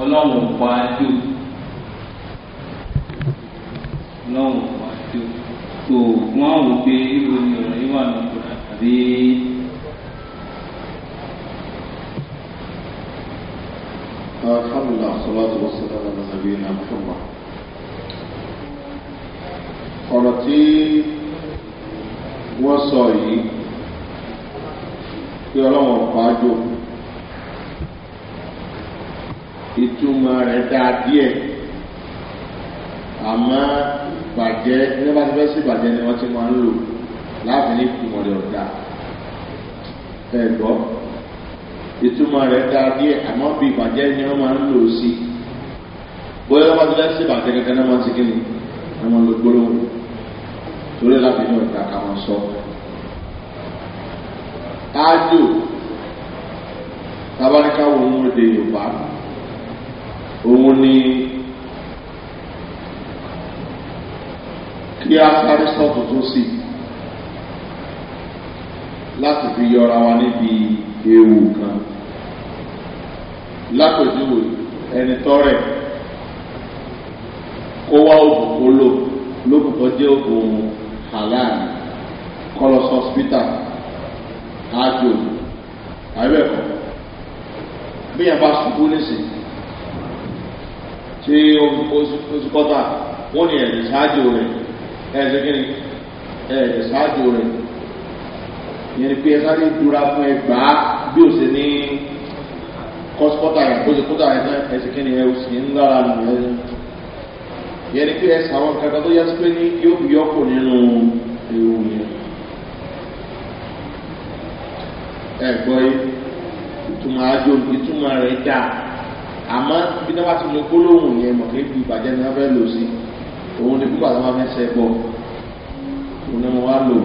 ọlọ́run pa ájò ọlọ́run pa ájò tó wọ́n wò pé ibo ni ọ̀rọ̀ yìí wà lọ́dọ̀ àbí. الحمد لله والصلاة والسلام على نبينا محمد ọ̀rọ̀ tí wọ́n sọ dáa díẹ̀ àmọ́ ìbàjẹ́ ní wọ́n bá ti fẹ́ sí ìbàjẹ́ ni wọ́n ti máa ń lò láti ní ìmọ̀lẹ̀ ọ̀dà ẹ̀gbọ́ ìtumọ̀ rẹ̀ dáa díẹ̀ àmọ́ bí ìbàjẹ́ ni wọ́n máa ń lò sí bóyá wọ́n bá ti fẹ́ sí kankan náà wọ́n ti kí ni wọ́n máa lo gbólóhùn torí láti ní ọ̀dà káwọn sọ. ájò tábánikáwò ń wọ́n de yorùbá òun ni kí a sáré sọ́ọ̀tù tó sì láti fi yọra wa níbi ewu kan lápèjúwe ẹni tọrẹ kó wá oògùn kó lò lóògùn tó jẹ oògùn halal kọlọs hospital ájò àbẹ̀kọ bí yẹn bá ṣubú nísìnyí tí oṣù kọ́tà wọ́n ní ẹ̀sìn ṣáájú rẹ̀ ẹ̀sìn kí ni ẹ̀sìn ṣáájú rẹ̀ ìyẹn ni pé ẹ sáré dúra fún ẹ gbà á bí ó ṣe ní kọ́sí kọ́tà yẹn kóṣe kọ́tà yẹn náà ẹ̀sìn kí ni ẹ sì ń lára nù lẹ́yìn ìyẹn ni pé ẹ sàwọn kankan tó yá sí pé ní yóò fi yọkù nínú ewu yẹn. ẹ gbọ́ yìí ìtumọ̀ àjò ìtumọ̀ rẹ̀ dáa àmọ́ bí wọ́n bá ti lo gbólóhùn yẹn mọ̀ níbi ìbàjẹ́ ni wọ́n fẹ́ lò sí òun ni púpọ̀ àtàwọn fẹ́ sẹ́ gbọ́ òun ni wọ́n á lò ó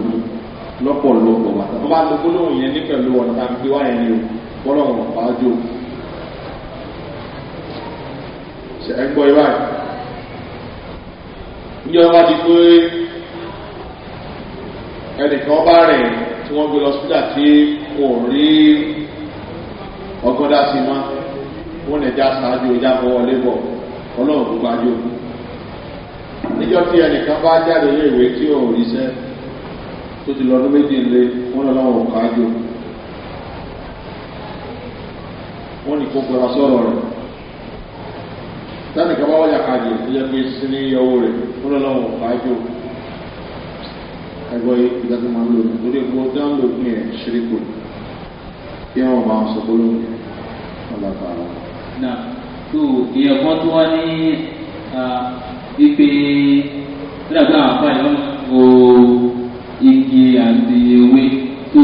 lọ́pọ̀lọpọ̀ bàtà wọ́n bá lo gbólóhùn yẹn ní pẹ̀lú ọ̀nà tá a gbé wáyé ni o bọ́lọ̀ wọn pa jò ṣe ẹ gbọ́ ibà níjọba bá di pé ẹnìkan bá rìn tí wọ́n gbé lọ síbítà tí wọn rí ọgọ́dá sí máa wọn lè já sáájú ọjà fọwọ́ lébọ̀ ọlọ́run kò gbájú. níjọ́ tí ẹnìkan bá jáde ilé ìwé tí ò ríṣẹ́ tó ti lọ́dún méjì lé wọn lọ láwọn òkà ájú. wọ́n ní kó gbọ́ra sọ̀rọ̀ rẹ̀ tẹ́nìkan bá wọ́n yàkàdì tó jẹ́ pé sí ní owó rẹ̀ wọn lọ láwọn òkà ájú ẹgbọ́ ìdájọ́ máa ń lò lórí epo tí wọ́n ń lò ní ẹ̀ ṣíríkù kí wọ́n máa sọ pé lónìí ọlọ́pàá náà tó èèyàn kan tó wá ní ipe nígbàgbọ́ àwọn afáàyè wọn wo igi àti ewé tó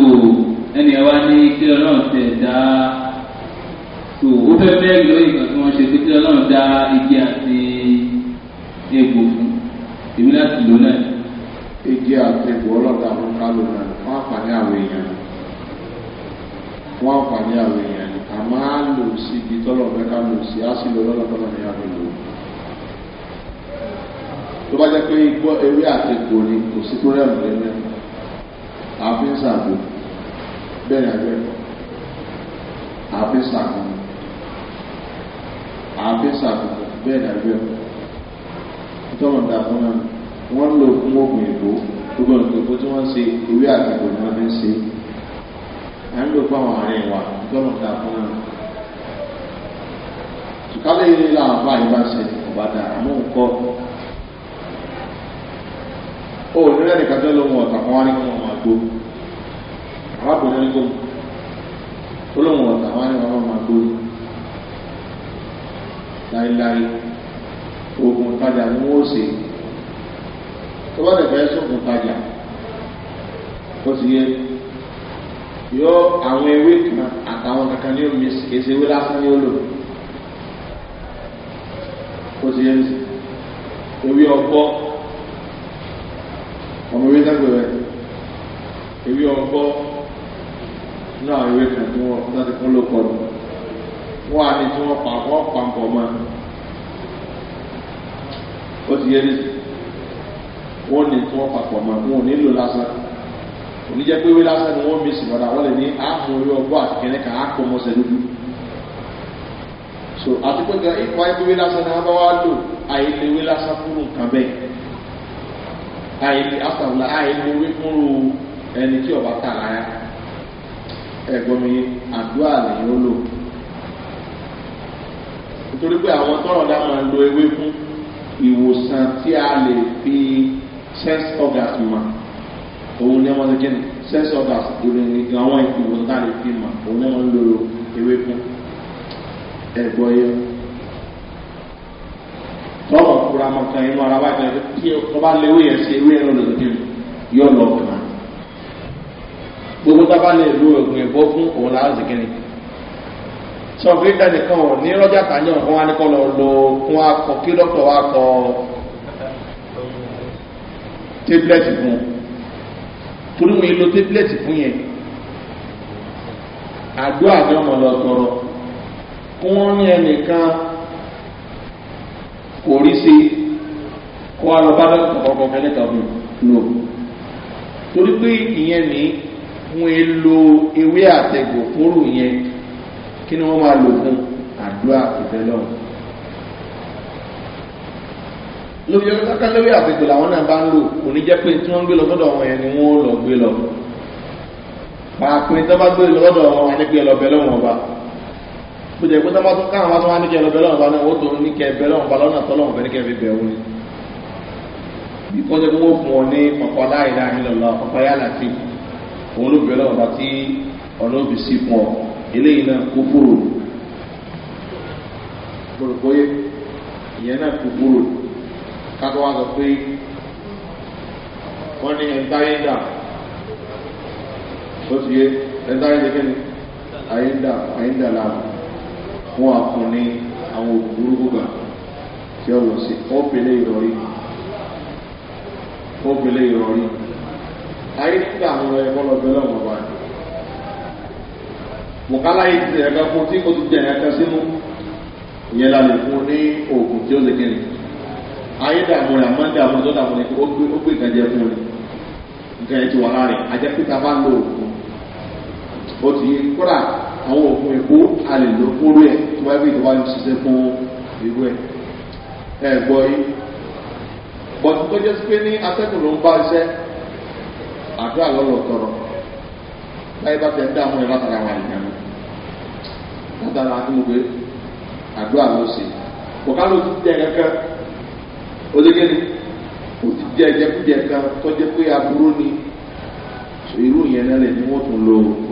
ẹni ẹ wá ní kí ọlọ́run tẹ̀ dá tó ó fẹ́ bẹ́ẹ̀ lórí ìgbà tí wọ́n ṣe pé kí ọlọ́run dá igi àti egbò fún èmi láti lò náà. igi àti egbò ọlọ́ta fún kálò náà wọ́n àǹfààní àwọn èèyàn wọ́n àǹfààní àwọn èèyàn tọ́lọ̀ fẹ́ ká lò sí àṣìlò lọ́lọ́pọ̀lọ́ ní àbẹ̀lò tó bá jẹ́ pé igbó ewé àtẹ̀kò ni kò sí tó rẹ̀ lọ́lẹ́ mẹ́ àfi ń sàgbó bẹ́ẹ̀ ni àgbẹ̀ àfi ń sàgbó àfi ń sàgbó bẹ́ẹ̀ ni àgbẹ̀ tọ́lọ̀ dà fún náà wọ́n lò fún oògùn ìbò gbogbo ìgbòho tí wọ́n ṣe ewé àtẹ̀kò ni wọ́n fi ń ṣe à ń lò fún àwọn kálẹ̀ ilé làwọn bá yìí bá ṣe ọba dára mú nǹkọ́ ó nílẹ̀ nìkan tó lóun ọ̀tà kan wá ní wọn máa gbó arákùnrin ní gbóhùn ó lóun ọ̀tà wá ní wọn máa gbó láéláé oògùn ìtajà ni wọ́n ṣe tó bá dẹ̀ fẹ́ sóògùn ìtajà ó ti yẹ yọ àwọn ewé kan àtàwọn kankan ní omi èsè lásán ní olóògùn ti yẹn ewé ọgbọ́ ọmọ ewé dágbèrè ewé ọgbọ́ náà ewé kan tí wọ́n láti kún ló kọ́ ni wọ́n á ní tí wọ́n pa wọ́n pa ń pọ̀ mọ́ ó ti yẹn wọ́n ní tí wọ́n pa pọ̀ mọ́ wọn ò nílò lásán oníjẹ́ pé ewé lásán ni wọ́n mi sì lọ́dà wọ́n lè ní àpò orí ọgbọ́ àti kẹ́lẹ́kà àpò mọ́sẹ̀ lójú so àti pé tẹ ìfọ ayélujáwé lásán ni wọn bá wá lò ayélujáwé lásán fún nǹkan bẹ́ẹ̀ ayélujáwé afọlá ayélujáwé fúnru ẹni tí ọba tà láyà ẹ̀gbọ́n mi àdúrà lèyìn ó lò nítorí pé àwọn tọrọ dá máa ń lo ewé fún ìwòsàn tí a lè fi sense organs mọ òun ni wọn ti kí ni sense organs ìròyìn àwọn ìwòsàn tá a lè fi mọ òun ni wọn ń lo ewé fún ẹ̀gbọ́ yẹn tọ́lọ̀ kura mọ̀tàn yẹn mọ́ra wá jẹ́ tí o bá léwé yẹn sí ewé yẹn lọ́dọ̀ tó yọ lọ kàn gbogbo tábà lè lo oògùn ẹ̀bọ fún òun láwọn zìkìrì sọ pé dánìkan ọ̀ ní rọ́jà tàyàn fún wa ní kọ́ lọ lo fún wa kọ kí dọ́kítọ̀ wa kọ tébílẹ̀tì fún torí mo lo tébílẹ̀tì fún yẹn àdó àjọmọ̀ lọ tọrọ wọ́n rí ẹnìkan kò rí sí kó a lọ bá dọ́kítà kọ̀ọ̀kan fẹ́lẹ́ kan fún un lò torí pé ìyẹn ní wọn è lo ewé àtẹ̀gò fóró yẹn kí ni wọ́n máa lò fún àdúrà ìfẹ́lọ́run lóbi ọdún kákàlẹ́wé àtẹ̀gò làwọn náà bá ń lò kò ní jẹ́ pé tí wọ́n ń gbé lọ sọ́dọ̀ wọn yẹn ni wọ́n lọ gbé lọ pàápàá tí wọ́n bá gbé lọ sọ́dọ̀ wọn yẹn ni gbé lọ bẹ́ẹ̀ lọ́wọ́ ọba. gbogbo jẹ́ pẹ́tọ́ máa tún káwọn máa tún wá ní kẹ́ lọ́bẹ̀ lọ́wọ́ náà wọ́n tó ní kẹ́ bẹ́ lọ́wọ́ bá lọ́nà tọ́lọ́wọ́ bẹ́ẹ̀ kẹ́ fi bẹ̀ wọ́n ni. bí kọ́ jẹ́ pé wọ́n fún ọ ní pọ̀pọ̀ láìláà òun ló tí sí fún ọ eléyìí náà kó kúrò ìyẹn wọn àfún ní àwọn òògùn burúkú gbà lọ sí ọ̀pẹ̀lẹ̀ ìrọ̀rí ọ̀pẹ̀lẹ̀ ìrọ̀rí ayé nígbà àwọn ẹ̀kọ́ lọ́gbẹ́ lọ́wọ́ wa bùkálá yìí ti ẹ̀ka fún tí kò ti jẹ ẹ̀ka sínú ìyẹn la lè fún ní òògùn tí ó lè kéde ayé dààmú rẹ̀ dààmú ó gbé àwọn òògùn èkó a lè lò fóró ẹ̀ tó wáyé bí ìjọba yóò ṣiṣẹ́ fún irú ẹ̀ ẹ̀ gbọ́ yìí bọ́tú tó jẹ́ sí pé ní atẹ́kùn ló ń bá iṣẹ́ àdúrà lọ́lọ́ tọrọ láyé bá tẹ̀ ń dààmú ẹ̀ látara wà nìyẹn látara akínúgbé àdúrà ló ṣe kọ̀ọ̀ká ló ti jẹ́ kankan ó dé kéde ó ti jẹ́ ẹ̀jẹ̀ kújẹ kan tó pé aburú ni irú yẹn náà lè ní wọ́n tún lò ó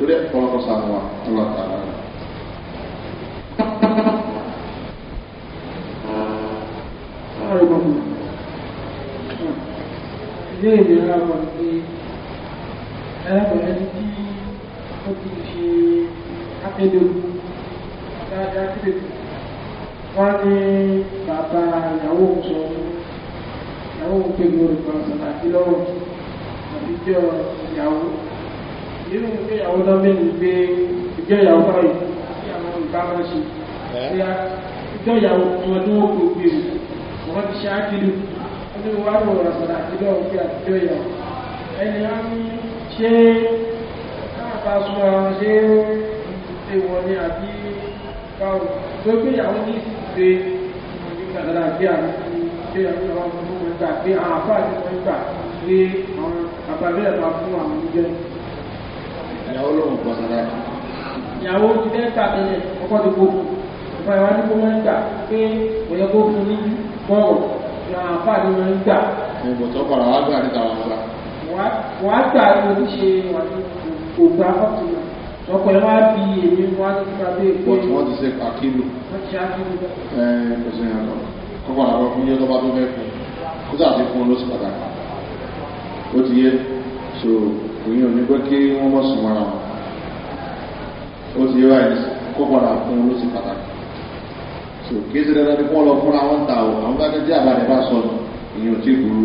torí ẹ̀ kọ́ ọ́n sànù wa ńlá tààrà rẹ̀. ilé ìlera wà pé ẹlẹ́bẹ̀rẹ̀ ní kí ó ti ṣe akédèkú dáadáa akédèkú wọ́n ní bàbá ìyàwó sọ ìyàwó pé àti lọ́wọ́ àbíjọ ìyàwó nínú ìgbéyàwó náà mẹ́rin pé ìgbéyàwó báyìí sí àwọn ìbára ṣe ìgbéyàwó wọn tó wọ́n kò gbé e. wọn ti ṣe ákìlú wọn ni wọ́n á rọrùn àpàdà àtijọ́ òkè àtijọ́yàwó ẹni á ní ṣe káàpá súnmọ́ ara ṣe ṣe wọ́n ní àbí báwo tó gbéyàwó ní ìsìnkú ìgbàdàdà àbí àwọn ìgbéyàwó náà wọ́n mú wọn gbà pé àwọn àpá àti wọn gbà pé àwọn àbábẹ́ẹ̀ máa fún àwọn oúnjẹ ìyàwó lòun gbọ́ sọ́dọ̀ ẹ̀ka. ìyàwó ti fẹ́ gbà tẹ́lẹ̀ ọkọ ti kó fún ọkọ ìwà ní kó máa ń gbà pé kò yẹ kó fún ní bọ́ọ̀lù ìlànà àfáàní máa ń gbà. ìbò tó kọ̀ wá gbà níta wà gbà. wà á gbà ní oníṣe wà ní ògbà ọ̀tún ọkọ ẹ wá bí èmi wá ní kíkà bí èkó. wọ́n ti ṣe pàkínù. wọ́n ti ṣe àkínù. ẹ ẹ so òyìn ò ní pé kí wọ́n mọ̀ sùn mọ́ra wọn ó ti yọ àyè kó fún un ló ti pàtàkì so kìí ṣe dandan ni kí wọ́n lọ fúnra wọn ta o àwọn bá ní tí àbálẹ̀ bá sọ ìyẹn ò tí burú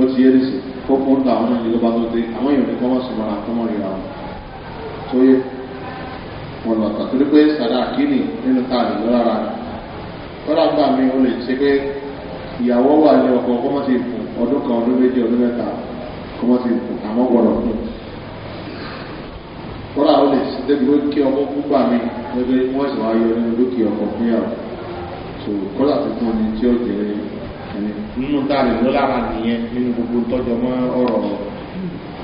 ó ti yẹ nísì kó fún ta àwọn ènìyàn ló bá tó dé àwọn èèyàn ní kọ́ mọ̀ sùn mọ́ra kó mọ̀ ríra wọn tó yẹ wọn lọ tà torí pé sàdá kínì nínú káàdì ló rárá wọn àgbà mi ò lè ṣe pé ìyàwó wà ní ọkọ̀ ọkọ̀ mọ́ ti fún ọdún kan ọdún méjì ọdún mẹ́ta ọmọ ti kù àmọ́ gbọ́dọ̀ kù kọ́lá ó lè ṣe débi ó kí ọkọ̀ púpà mi lẹ́gbẹ́ wọ́n sì wá yọ nínú lókè ọkọ̀ fún yàrá so kọ́lá ti fún ẹni tí ó jẹ́ ẹni nínú táàrí ló lára nìyẹn nínú gbogbo tọ́jọ mọ́ ọ̀rọ̀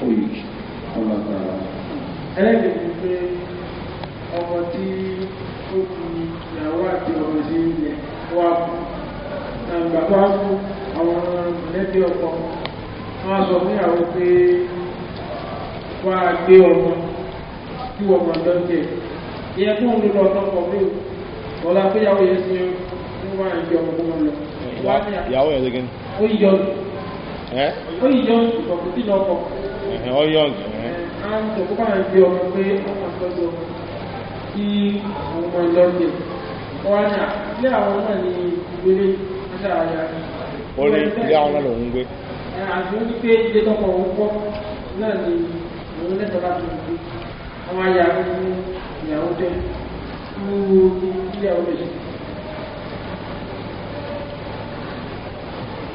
òyì ọ̀là tààrà. ẹlẹ́dẹ̀ẹ́ ti pé ọmọ tí ó fi ìyàwó àti ọmọ sí ilẹ̀ wá fún àgbàgbà fún àwọn mẹ́tẹ́ ọkọ̀ wọ́n sọ fún ìyàwó pé wọ́n á gbé ọmọ kí wọ́n máa lọ jẹ ìyẹn tó ń lò lọ lọ́pọ̀ bí ọ̀la pé ìyàwó yẹn ti ń wá ìjọ ọmọ kó lọ. ìyàwó yẹn lóge ni. ó yọ ó yọ ìkọ̀kọ̀ sí lọ́kọ̀. ó yọ ọ̀gẹ̀. a ń sọ fún báyìí gbé ọmọ pé wọ́n máa tọ́jú ọmọ kí àwọn ọmọ lọ jẹ wọ́n á ní àwọn ọmọ ní ìgbélé aṣáájú. ó ilé àwọn náà lòún gbé àti wọ́n ti pé ilé tọkọ òun kọ́ náà ni òun lẹ́tọ̀ láti ìlú àwọn ayé àwọn ìyàwó jẹ́ irú ìyàwó lè ṣe.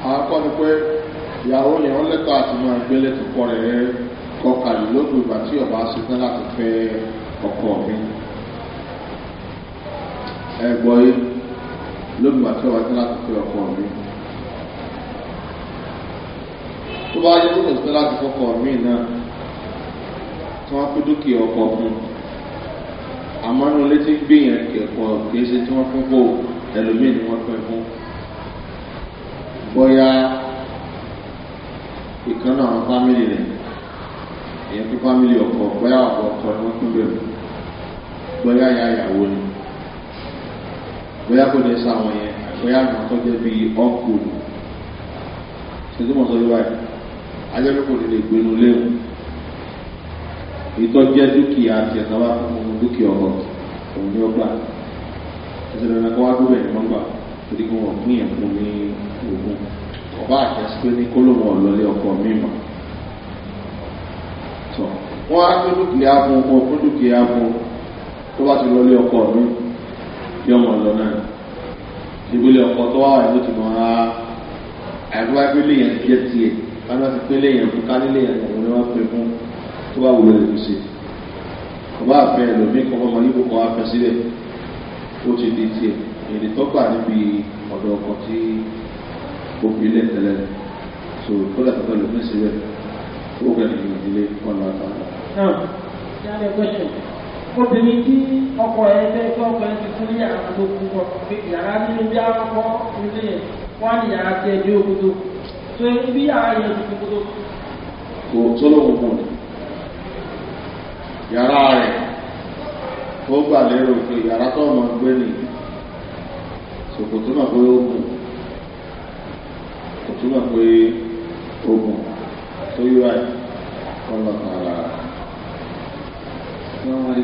àwọn kọ́ ni pé ìyàwó yẹn wọ́n lẹ́tọ̀ àti máa gbélé tó kọ́ rẹ̀ kọkànlélógún ìgbà tí ọba ṣe tán láti fẹ́ ọkọ mi ẹ̀gbọ́n yìí lóògùn àti ọba ṣe tán láti fẹ́ ọkọ mi tó bá yẹ kókò sípẹ́ láti fọ́kọ̀ mí náà tí wọ́n fi dúkìá ọkọ̀ fún àmọ́ inú létí gbìyàn kẹ̀kọ́ kìí ṣe tí wọ́n fún kó ẹlòmíì ni wọ́n pẹ́ fún bóyá ìkànnà àwọn fámìlì rẹ̀ èyàn fi fámìlì ọkọ̀ bóyá ọkọ̀ ọkọ̀ ni wọ́n pín bẹ̀rù bóyá ya ìyàwó ni bóyá kò ní sá àwọn yẹn bóyá àwọn tó bíi ọkùnrin ṣètò mọ̀ sọ́yọ́ báyìí ajẹ́pẹ́kọ̀ lè lè gbénu léwu ìtọ́jẹ́ dúkìá àti ẹ̀ka wá fún ọmọ dúkìá ọmọ òun ni ó gbà ẹsẹ̀ lọ́nà kó wá dúró ẹ̀ mọ́ gbà torí kí wọ́n pín ẹ̀kún ní ogun ọba àtẹ̀sípé ní kólóhùn ọ̀lọ́lé ọkọ̀ mímọ́ tó wọ́n á pín dúkìá fún ọmọ fún dúkìá fún tó bá ti lọ́lé ọkọ̀ mi yọmọ lọ náà ìgbélé ọkọ̀ tó wà wà ní ó ti mọ̀ ara àìgbọ́ wọn bá ti pé léèyàn fún kálí léèyàn lòun ni wọn pè fún tó bá wùlọ lè ṣe ọba àfẹ ẹlòmíì kan ọmọ yìí kò afẹ sílẹ ó ti di tiẹ èdè tọgbà níbi ọdọ ọkọ tí ó fi lẹ tẹlẹ so kọlá tó bẹ̀rẹ̀ lómi síbẹ̀ ó bẹ̀rẹ̀ ní ìdílé ọ̀nà àtàlà. náà yálẹ̀ gbẹ́sẹ̀ obìnrin tí ọkọ ẹ fẹ́ kí ọkọ ẹ ti fún yàrá tó kú kọ yàrá nínú bí a ilé wọn á yàrá tiẹ̀ ní òkúto tó ibi yàrá yẹn ti gbogbo tó tó lóhùn kù ní yàrá rẹ̀ ó gbà lérò pé yàrá tó máa gbé nì sòkòtò náà pé ó gùn sòkòtò náà pé ó gùn tó yíwá yìí wọn lọ kàn ara rẹ̀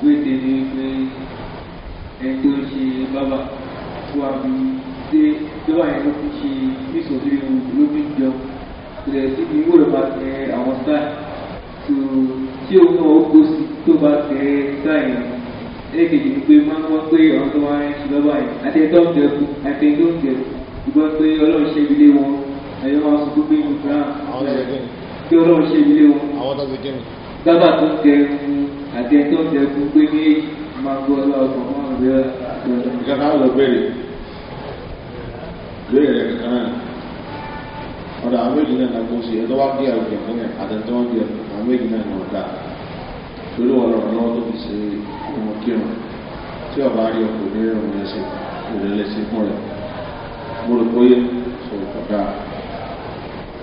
pé ẹni tó ṣe bábà tó a dé tí wọ́n yẹn ló fi ṣe nítorí ló fi jọ rẹ̀ sí ni wọ́n lọ máa tẹ àwọn sáà tó tí òun náà ó kó sí tó bá tẹ sáà yẹn ẹ̀ẹ́dẹ̀kejì ni pé máa ń wọ́n pé ọ̀rọ̀ tó máa ń ṣe lọ́wọ́ yẹn àtẹ̀tọ́ ń jẹ̀kú àtẹ̀tọ́ ń jẹ̀kú ìgbọ́n pé ọlọ́run ṣe ìdílé wọn ẹ̀yọ́ máa sọ pé ní ìgbà tí ọlọ́run ṣe ìdílé wọn. àwọn tó ti gé mi. dábà tó ń jẹun àtẹ̀tọ́ ń jẹ̀kú pé ní máa gbọ́ ọlọ́run ọkọ̀ wọn àbẹ́ àgbẹ̀rẹ̀. ìjọba àwọn ọ̀gbẹ́rẹ̀ ìbéèrè rẹ̀ kankan náà ọ̀dà àwọn méjì náà nàgbó sí ẹ̀ tó wá bí àwùjọ fún yẹn àtẹ̀tẹ̀ wọn bí ẹ̀ àwọn méjì náà nà ọ̀dà torí wọn lọ́wọ́ lọ́wọ́ tó fi ṣe ọmọ kírun tí ọba rí ọkọ̀ ní ìrìn ẹsẹ̀ ìrẹ̀lẹ̀sẹ̀ fún rẹ̀ mo rò pé sọ̀rọ̀ kọ̀dà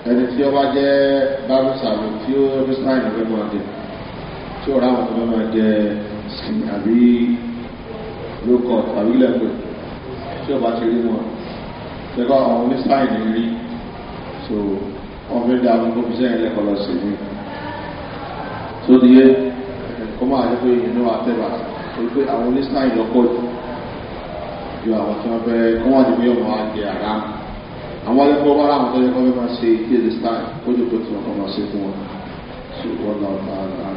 ẹni tí ọba jẹ́ bábú sàbò tí ó rí sáìn ọ̀fẹ́ máa jẹ tí ó rà wọn pẹ̀lú àwọn oníṣáìní rí so wọ́n fẹ́ dá gbogbo fi sẹ́yìn lẹ́kọ̀ọ́ lọ sí mi tó di yé kó máa yẹ pé inú àtẹ̀bà tó pé àwọn oníṣáìní lọ́pọ̀ jù ju àwọn tí wọ́n fẹ́ kó wọ́n ti fi ọmọ wa di àrá àwọn ẹlẹ́gbọ́n bá láwọn tó yẹ kó fẹ́ máa ṣe kí èdè style kó jù pé tí wọ́n kọ́ máa ṣe fún wọn so wọ́n lọ bá a rà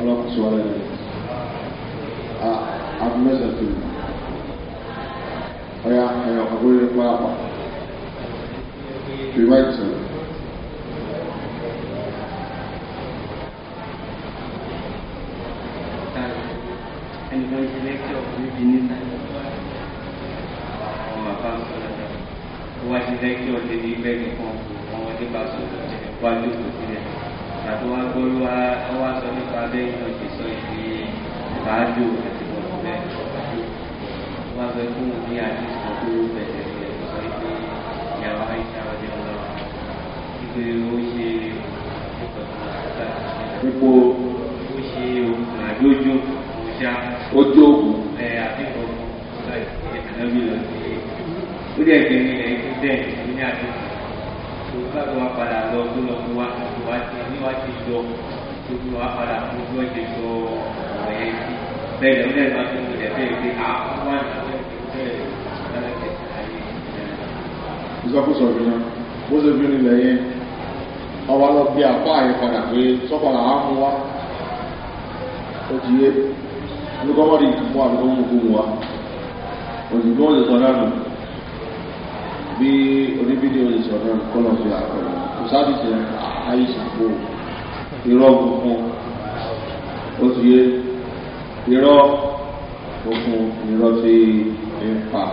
ọlọ́kùnrin sọ ọ́ lẹ́yìn àbúmẹ́sẹ̀ ah, tó yẹ agbóyè pápá fi máìkì sọ̀rọ̀. ẹnìkan ti lẹ́kítọ̀ níbi níta àwọn bàbá sọ̀rọ̀ tó wá sí lẹ́kítọ̀ débi bẹ́ẹ̀ nìkan kò wọ́n dé bá sọ̀rọ̀ wá lóko sílẹ̀ àti wá gbọ́ wá sọ nípa bẹ́ẹ̀ ní ọ̀sẹ̀ sọ ìdí ìbáàdó rẹ̀ fẹ́ fún mi ní àdìsí kan tó bẹ̀rẹ̀ rẹ̀ tó sọ pé ìyàwó àìsàn ọdẹ ọ̀rọ̀ wípé ó ṣe ìkọ̀tún àgbà ipò ó ṣe òkun àbí ojú òṣà ojú òkun ẹ̀ àbíkọ̀ ànábì lọ sí ó dẹ̀ gbé ní ilẹ̀ ìpín bẹ́ẹ̀ ní ní àdìsí tó bá tó wá padà lọ tó lọ fún wa tó wá ti níwá ti yọ tó fi wá padà fún tó ẹ̀jẹ̀ yọ ọ̀rọ̀ yẹn sí bẹ́ẹ̀ lọ́dẹ̀ máa tó lọ lẹ́fẹ̀ẹ́ pé a ah, wà ní ìsọkúsọ ìgbìyàn bó ṣe bí nílẹ̀ yẹn ọba lọ bí apá yẹn pé sọ́padà á mú wa ó yé olùkọ́mọ́dé ìkùnkùn àbúkọ́ mú kú òyìnbó ó lè bí oníbídé ó lè sọ fi àpẹẹrẹ kò sábì tẹ ayé ṣàpò irọ́ gbogbo ó yé irọ́ gbogbo irọ́ ti ń pa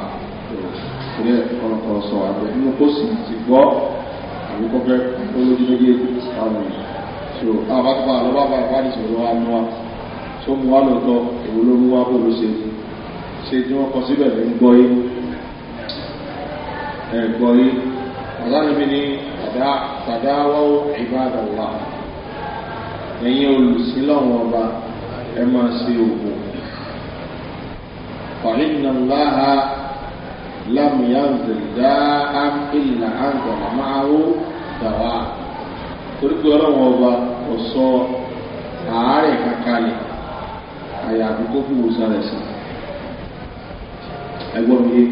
torí ẹ̀ ọ̀rọ̀kọ̀ sọ àgbẹ̀ nínú kó sì ti gbọ́ àbúkọ́ fẹ́ olójú méjèèjì àwọn èèyàn so àbápa àlọ́bá bá wà ní ìṣòro wa mú wa tó mú wa lọ́tọ́ èwo ló mú wa bó ló ṣe ṣe tí wọ́n kọ síbẹ̀ ní gbọ́ yé ẹ̀ gbọ́ yé ọ̀lànàmí ni tàdáwọ́ ìbádàwà ẹ̀yin olùsílọ́wọ́ ọba ẹ máa ṣe òògùn fàhínà láhàá لم ينزل داء إلا أنزل معه دواء torípé ọlọ́wọ́ ọba kò sọ àárẹ̀ kankanlẹ̀ àyàfi kó fún ìwòsàn rẹ̀ sí ẹgbọ́n mi yé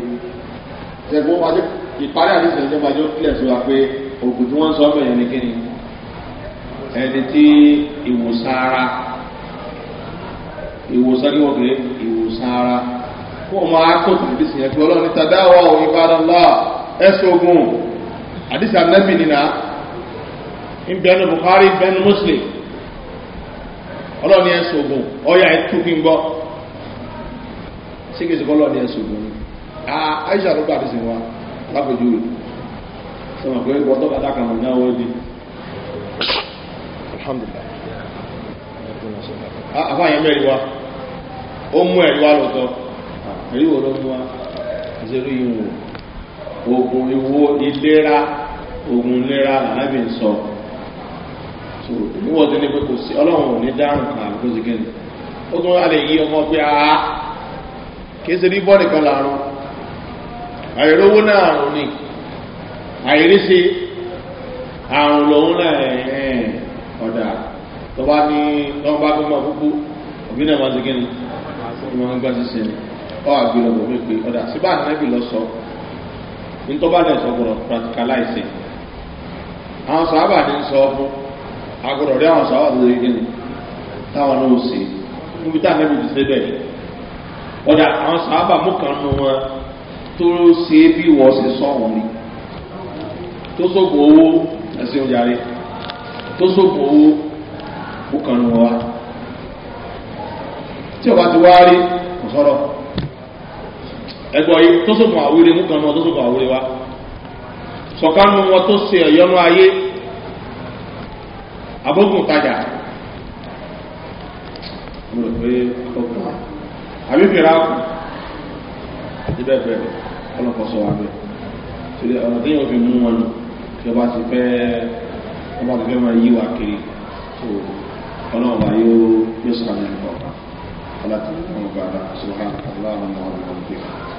ṣẹ́gun wájú ìparí àdìsẹ̀ ìjọba ìjọ kílẹ̀ sí wa pé òògùn tí wọ́n ń sọ ọ́ bẹ̀rẹ̀ ní tí ìwòsàn ara kí wọ́n pè é kó o máa kó yẹn pé ọlọ́run níta dáwọ́ òun ìbárańlá ẹ̀sọ́gun àdìsí anábì nìyà ìbẹ́nu buhari ìbẹ́nu muslim ọlọ́run ẹ̀sọ́gun ọ̀yà ẹ̀túkì ń gbọ́ ṣé kìí ṣe kọ́ ọlọ́run ẹ̀sọ́gun ni aisha ló wọn sọmọ pé Alhamdulilayi. ó mú ẹ̀rí wa èyí wò ló mú wa ìṣerú yìí wò oògùn ìwo ìlera oògùn ìlera làlábì ń sọ so ìwọ tó ní pé kò sí ọlọ́run ò ní dárùn kan àbí kó sì kéde ó tún wá lè yí ọmọ pé a kì í ṣe ní bọ́ọ̀lì kan làárọ̀ àìrówó náà àrùn ni àìríṣe àrùn lòun náà ọ̀dà tó bá ní tó bá gbọ́mọ púpọ̀ òbí náà máa ṣe kéde ó gbá ṣiṣẹ́ ni ọ àgbélọ̀bọ̀ mi pé ọ̀dà síbà nẹ́bì lọ sọ nítọ́bà náà sọ gbọ́dọ̀ practicalize àwọn sábà ní sọ fún agbọ́dọ̀ rí àwọn sábà tó yẹ táwọn náà ṣe níbi tá nẹ́bì ti ṣe bẹ́ẹ̀ ọ̀dà àwọn sábà mú kan nù wọn tó ṣe bí wọ́n ṣe sọ wọn ni tó sọ̀gbọ̀ owó ẹ̀sìn ojàre tó sọ̀gbọ̀ owó mú kan nù wọn wa tí ọba ti wá rí kò sọ̀rọ̀ ẹgbọ́ yìí tó sòkò àwúre mú kan mọ́ tó sòkò àwúre wa sọ̀kánu wọn tó se ẹ̀yọ́nú ayé abógun tajà mo rò pé abógun wa àbí fèrè àkù àti bẹ́ẹ̀ bẹ́ẹ̀ ọlọ́pàá sọ wa bẹ́ẹ̀ torí ọ̀nà tí yóò fi mú wọn nù tí ọba ti fẹ́ ọba ti fẹ́ máa yí wa kiri tó ọlọ́ọ̀bá yóò yóò sọ̀rọ̀ nínú ọ̀pá ọlọ́tí ọ̀pá ọ̀pá ọ̀pá ọ̀pá ọ̀pá ọ̀pá ọ̀pá